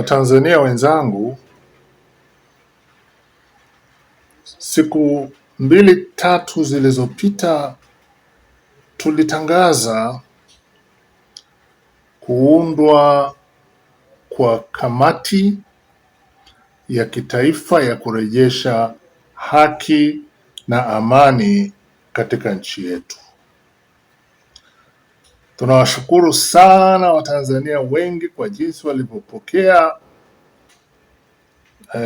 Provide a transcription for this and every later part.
Watanzania wenzangu, siku mbili tatu zilizopita tulitangaza kuundwa kwa kamati ya kitaifa ya kurejesha haki na amani katika nchi yetu. Tunawashukuru sana Watanzania wengi kwa jinsi walivyopokea e,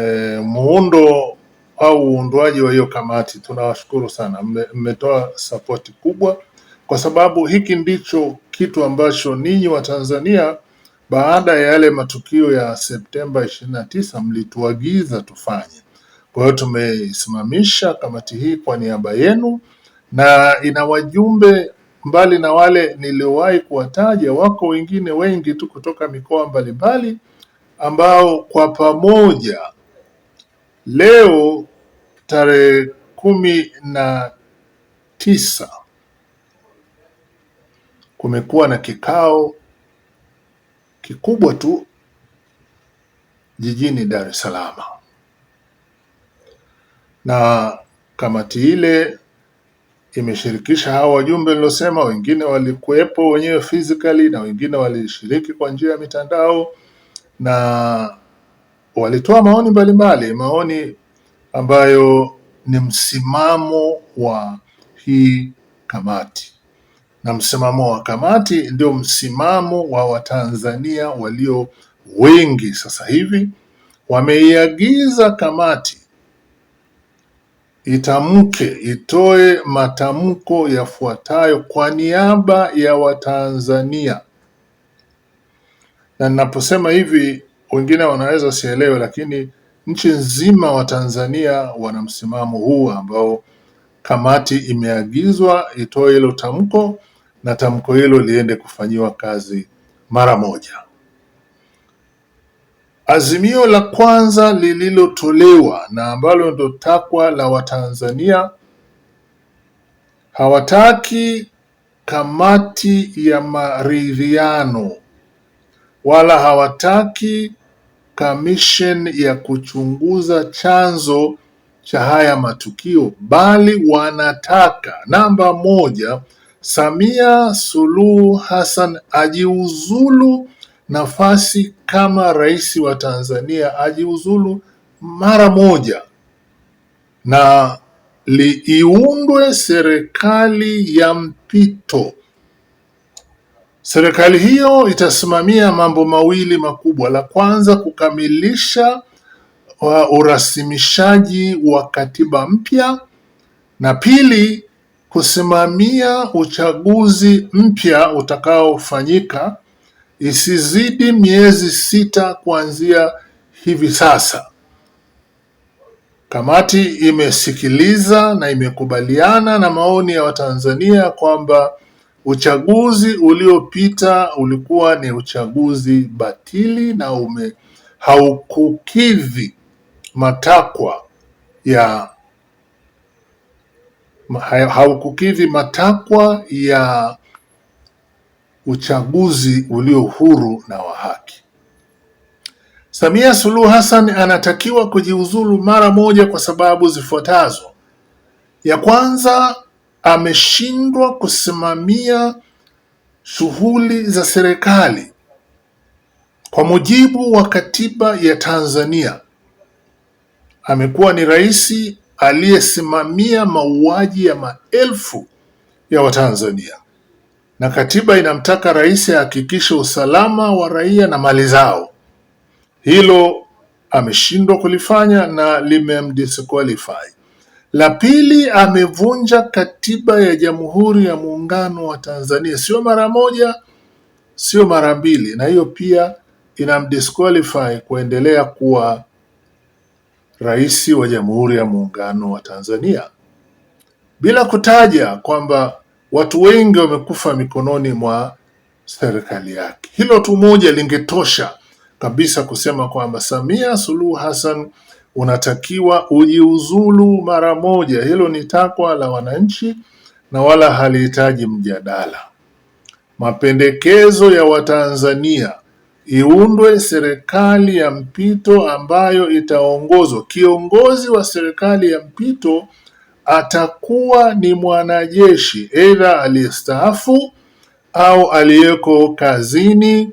muundo au uundwaji wa hiyo kamati. Tunawashukuru sana, mmetoa sapoti kubwa, kwa sababu hiki ndicho kitu ambacho ninyi Watanzania baada ya yale matukio ya Septemba 29 mlituagiza tufanye. Kwa hiyo tumeisimamisha kamati hii kwa niaba yenu na ina wajumbe Mbali na wale niliowahi kuwataja, wako wengine wengi tu kutoka mikoa mbalimbali ambao kwa pamoja leo tarehe kumi na tisa kumekuwa na kikao kikubwa tu jijini Dar es Salaam, na kamati ile imeshirikisha hao wajumbe nilosema, wengine walikuwepo wenyewe physically na wengine walishiriki kwa njia ya mitandao na walitoa maoni mbalimbali, maoni ambayo ni msimamo wa hii kamati, na msimamo wa kamati ndio msimamo wa Watanzania walio wengi sasa hivi. Wameiagiza kamati itamke itoe matamko yafuatayo kwa niaba ya Watanzania. Na ninaposema hivi, wengine wanaweza sielewe, lakini nchi nzima wa Tanzania wana msimamo huu ambao kamati imeagizwa itoe hilo tamko na tamko hilo liende kufanyiwa kazi mara moja. Azimio la kwanza lililotolewa na ambalo ndo takwa la Watanzania hawataki kamati ya maridhiano wala hawataki kamishen ya kuchunguza chanzo cha haya matukio, bali wanataka namba moja, Samia Suluhu Hassan ajiuzulu nafasi kama rais wa Tanzania ajiuzulu mara moja na liiundwe serikali ya mpito. Serikali hiyo itasimamia mambo mawili makubwa. La kwanza, kukamilisha uh, urasimishaji wa katiba mpya, na pili, kusimamia uchaguzi mpya utakaofanyika isizidi miezi sita kuanzia hivi sasa. Kamati imesikiliza na imekubaliana na maoni ya Watanzania kwamba uchaguzi uliopita ulikuwa ni uchaguzi batili na ume haukukidhi matakwa ya haukukidhi matakwa ya uchaguzi ulio huru na wa haki. Samia Suluhu Hassan anatakiwa kujiuzulu mara moja kwa sababu zifuatazo. Ya kwanza, ameshindwa kusimamia shughuli za serikali kwa mujibu wa katiba ya Tanzania. Amekuwa ni rais aliyesimamia mauaji ya maelfu ya Watanzania na katiba inamtaka rais ahakikishe usalama wa raia na mali zao. Hilo ameshindwa kulifanya na limemdisqualify. La pili, amevunja katiba ya Jamhuri ya Muungano wa Tanzania, sio mara moja, sio mara mbili, na hiyo pia inamdisqualify kuendelea kuwa rais wa Jamhuri ya Muungano wa Tanzania, bila kutaja kwamba Watu wengi wamekufa mikononi mwa serikali yake. Hilo tu moja lingetosha kabisa kusema kwamba Samia Suluhu Hassan unatakiwa ujiuzulu mara moja. Hilo ni takwa la wananchi na wala halihitaji mjadala. Mapendekezo ya Watanzania, iundwe serikali ya mpito ambayo itaongozwa, kiongozi wa serikali ya mpito atakuwa ni mwanajeshi aidha aliyestaafu au aliyeko kazini,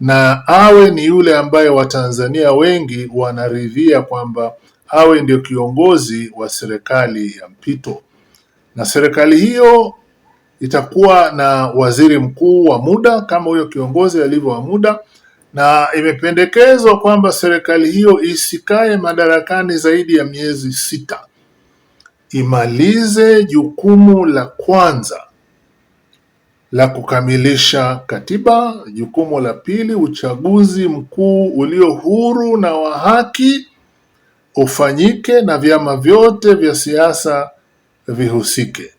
na awe ni yule ambaye Watanzania wengi wanaridhia kwamba awe ndio kiongozi wa serikali ya mpito, na serikali hiyo itakuwa na waziri mkuu wa muda kama huyo kiongozi alivyo wa muda, na imependekezwa kwamba serikali hiyo isikae madarakani zaidi ya miezi sita imalize jukumu la kwanza la kukamilisha katiba, jukumu la pili, uchaguzi mkuu ulio huru na wa haki ufanyike na vyama vyote vya siasa vihusike,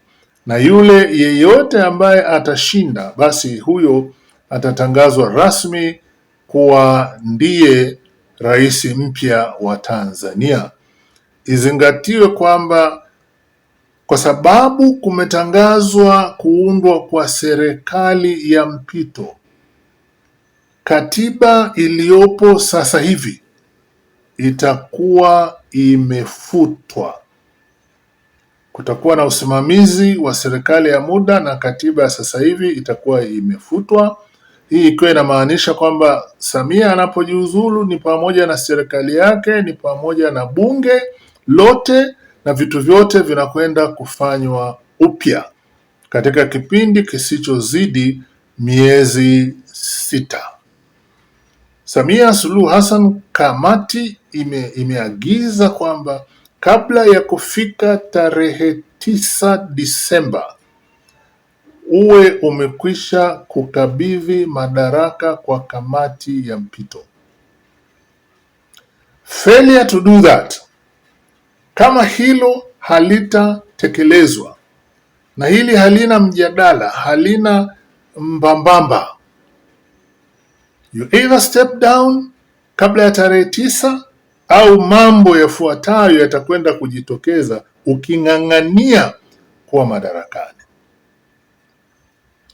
na yule yeyote ambaye atashinda, basi huyo atatangazwa rasmi kuwa ndiye rais mpya wa Tanzania. Izingatiwe kwamba kwa sababu kumetangazwa kuundwa kwa serikali ya mpito. Katiba iliyopo sasa hivi itakuwa imefutwa. Kutakuwa na usimamizi wa serikali ya muda na katiba ya sasa hivi itakuwa imefutwa. Hii ikiwa inamaanisha kwamba Samia anapojiuzulu ni pamoja na serikali yake, ni pamoja na bunge lote na vitu vyote vinakwenda kufanywa upya katika kipindi kisichozidi miezi sita. Samia Suluhu Hassan, kamati ime, imeagiza kwamba kabla ya kufika tarehe tisa Disemba uwe umekwisha kukabidhi madaraka kwa kamati ya mpito. Failure to do that kama hilo halitatekelezwa na hili halina mjadala, halina mbambamba, you either step down kabla ya tarehe tisa au mambo yafuatayo yatakwenda kujitokeza uking'ang'ania kuwa madarakani.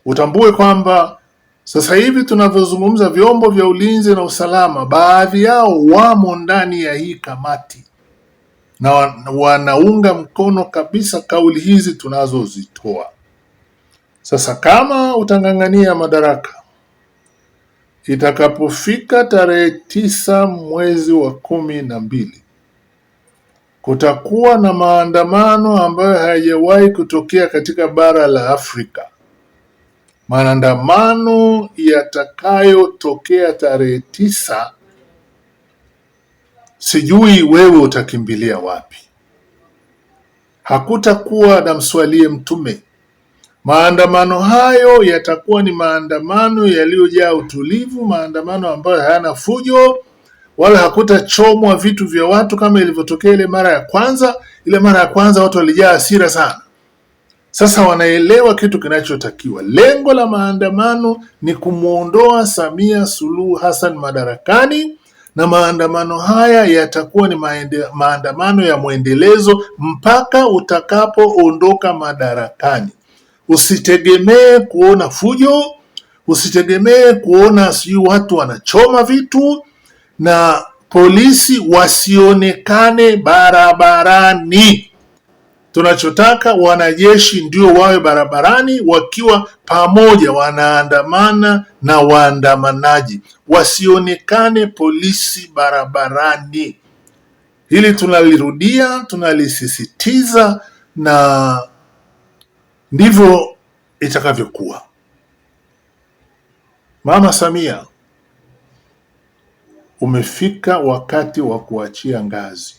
Utambue kwamba sasa hivi tunavyozungumza, vyombo vya ulinzi na usalama, baadhi yao wamo ndani ya hii kamati na wanaunga mkono kabisa kauli hizi tunazozitoa. Sasa kama utang'ang'ania madaraka itakapofika tarehe tisa mwezi wa kumi na mbili kutakuwa na maandamano ambayo hayajawahi kutokea katika bara la Afrika, maandamano yatakayotokea tarehe tisa Sijui wewe utakimbilia wapi. Hakutakuwa na mswalie Mtume. Maandamano hayo yatakuwa ni maandamano yaliyojaa utulivu, maandamano ambayo hayana fujo, wala hakutachomwa vitu vya watu kama ilivyotokea ile mara ya kwanza. Ile mara ya kwanza watu walijaa hasira sana. Sasa wanaelewa kitu kinachotakiwa. Lengo la maandamano ni kumwondoa Samia Suluhu Hassan madarakani na maandamano haya yatakuwa ni maandamano ya mwendelezo mpaka utakapoondoka madarakani. Usitegemee kuona fujo, usitegemee kuona sijui watu wanachoma vitu na polisi wasionekane barabarani. Tunachotaka wanajeshi ndio wawe barabarani wakiwa pamoja, wanaandamana na waandamanaji, wasionekane polisi barabarani. Hili tunalirudia, tunalisisitiza na ndivyo itakavyokuwa. Mama Samia, umefika wakati wa kuachia ngazi.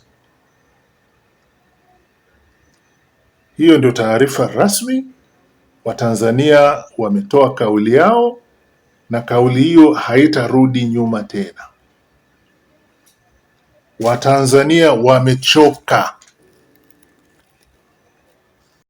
Hiyo ndio taarifa rasmi. Watanzania wametoa kauli yao na kauli hiyo haitarudi nyuma tena. Watanzania wamechoka.